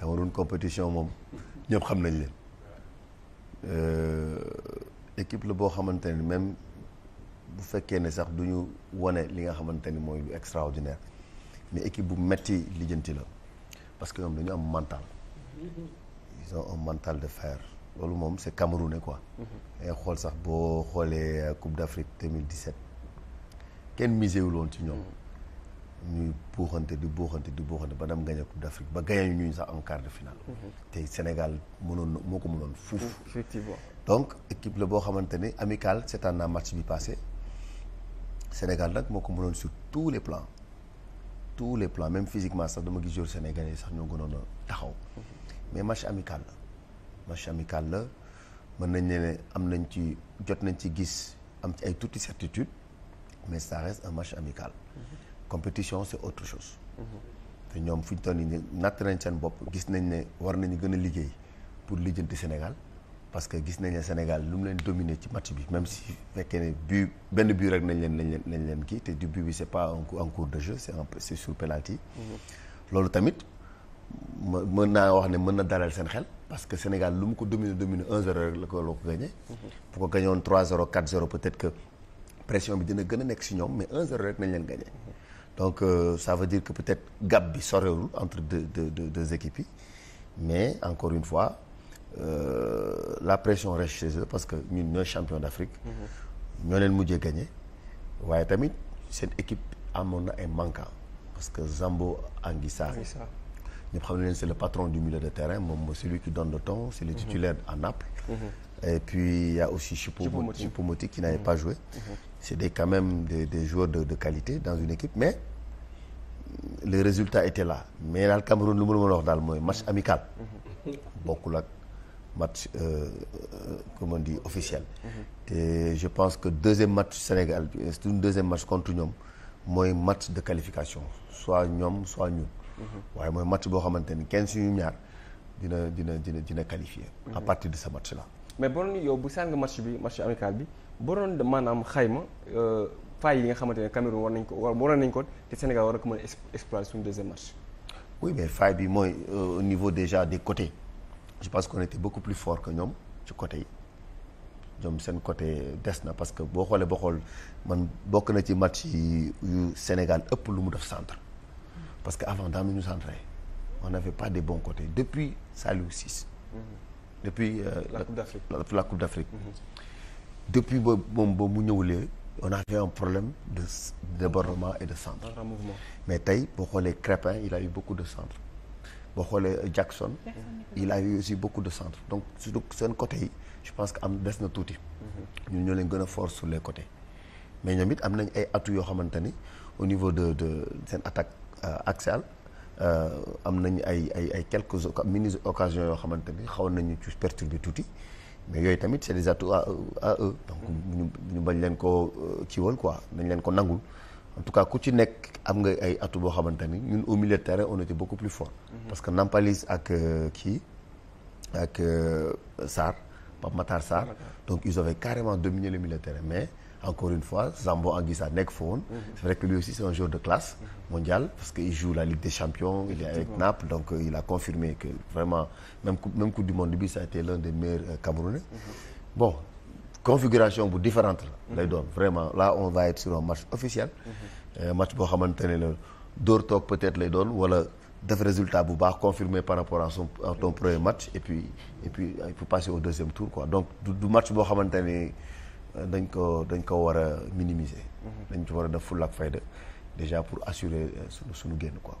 Cameroun compétition moom ñëpp xam nañ leen euh, équipe la boo xamante ni même bu fekkee ne sax du ñu wane li nga xamante ni mooy lu extraordinaire mais équipe bu metti lijjanti la parce que ñoom dañu am mental ils ont un mental de fair loolu moom c'est camerounais quoi ay xool sax boo xoolee Coupe d'Afrique 2017 kenn misé wul woon ci ñoom ñuy buuxante di buuxante di buuxante ba dem gagné coupe d'Afrique ba gagné ñu sax en quart de finale. Mhm. tey Sénégal mënoon moo ko mënoon fuuf. effectivement donc équipe la boo xamante ne amical seetaan naa match bi passé Sénégal nag moo ko mënoon sur tous les plans tous les plans même physiquement sax dama gis jour sénégalais sax ñoo gënoon a taxaw. Mhm. mais match amical la match amical la mën nañ ne am nañ ci jot nañ ci gis am ci ay tuuti certitude mais ça reste un match amical. Mm -hmm. compétition c'est autre chose. te ñoom fu ñu toll nii natt nañ seen bopp gis nañ ne war nañu gën a liggéey pour lijjanti Sénégal parce que gis nañ ne Sénégal lu mu leen dominer ci match bi même si fekkee ne but benn but rek nañ leen nañ leen nañ leen kii te du but bi c'est pas en cours de jeu c'est un c'est mm-hmm. loolu tamit mën naa wax ne mën na dalal seen xel parce que Sénégal lu mu ko dominer dominer 1-0 rek la ko la ko gagné. bu mm-hmm. ko gagné woon 3-0 4 peut-être que pression nekk si ñoom mais 1 nañ leen gagné. Mm-hmm. donc euh, ça veut dire que peut-être gap bi sorewul entre deux deux équipes yi mais encore une fois euh, la pression reste chez eux parce que ñun ñooy champion d'Afrique. Mhm. ñoo leen mujjee gagné. waaye tamit seen équipe amoon na ay manquant parce que Zambo Anguissari. ñëpp xam ne leen c'est le patron du milieu de terrain moom mooy celui qui donne le ton c'est le mhm. titulaire à Naples. Mhm. et puis il y a aussi Choupo-Moting qui n'avait pas joué. c'est des le résultat était là mais daal Cameroun lu ma la mën wax daal mooy match amical bokkul ak match euh, euh, comment on dit mhm. te je pense que deuxième match Sénégal bi suñu deuxième match contre ñoom mooy match de qualification soit ñoom soit ñun mhm. waaye mooy match boo xamante ni kenn suñu ñaar dina dina dina dina qualifié à mhm. partir de sa match la mais bonoon yow bu sàng match bi match amical bi bonoon maanaam xayma euh, failles yi nga xamante ne Cameroun war nañ ko war waroon nañ ko te Sénégal war na ko mën a exploiter suñu deuxième match. oui mais bi mooy euh, niveau déjà des côté je pense qu'on était beaucoup plus fort que ñoom ci côté yi ñoom seen côté des na parce que boo xoolee ba xool man bokk na ci match yi Sénégal ëpp lu mu def centre parce que avant daan ñu centré on n'avait pas de bons côtés depuis Saliou Ciss. Mm-hmm. depuis. Euh, la coupe d'Afrique la mm-hmm. depuis ba moom ba mu ñëwulee. on avait un problème de débordement et de centre. mais tey boo xoolee Crépin il a eu beaucoup de centre boo xoolee euh, Jackson. il a eu aussi beaucoup de centre donc surtout seen côté yi je pense que am des na tuuti. Mm-hmm. ñun ñoo leen gën a force sur les côtés. mais ñoom it am nañ ay atouts yoo xamante ni au niveau de de seen attaque euh, axiale euh, am nañ ay ay ay quelques mini occasions yoo xamante ni xaw nañu ci perturber tuuti. mais yooyu tamit c'est des à eux à eux donc ñu ñu bañ leen ko ci euh, woon quoi dañ leen ko nangul en tout cas ku ci nekk am nga ay atout boo xamante ni ñun au milieu de terrain on était beaucoup plus fort mm-hmm. parce que Nampalis ak euh, kii ak euh, Sarr Pape Matar Sarr donc ils avaient carrément dominé le milieu de terrain mais encore une fois Zambo Anguissa nekk fa woon. Mhm. c'est vrai que lui aussi c'est un joueur de classe mondiale parce que il joue la Ligue des Champions il est avec Naples donc euh, il a confirmé que vraiment même coupe du monde bi ça été l'un des meilleurs euh, Camerounais mhm. bon configuration bu différente la mhm. lay doon vraiment la on va être sur un match officiel euh, match boo xamante ne la dóor toog peut-être lay doon wala def résultat bu baax confirmé par rapport à son à ton premier match et tour quoi donc du boo xamante ne dañ ko dañ ko war a minimiser. Mhm. dañ ci war a def fulla ak fayda déjà pour assurer euh, suñu suñu génn quoi.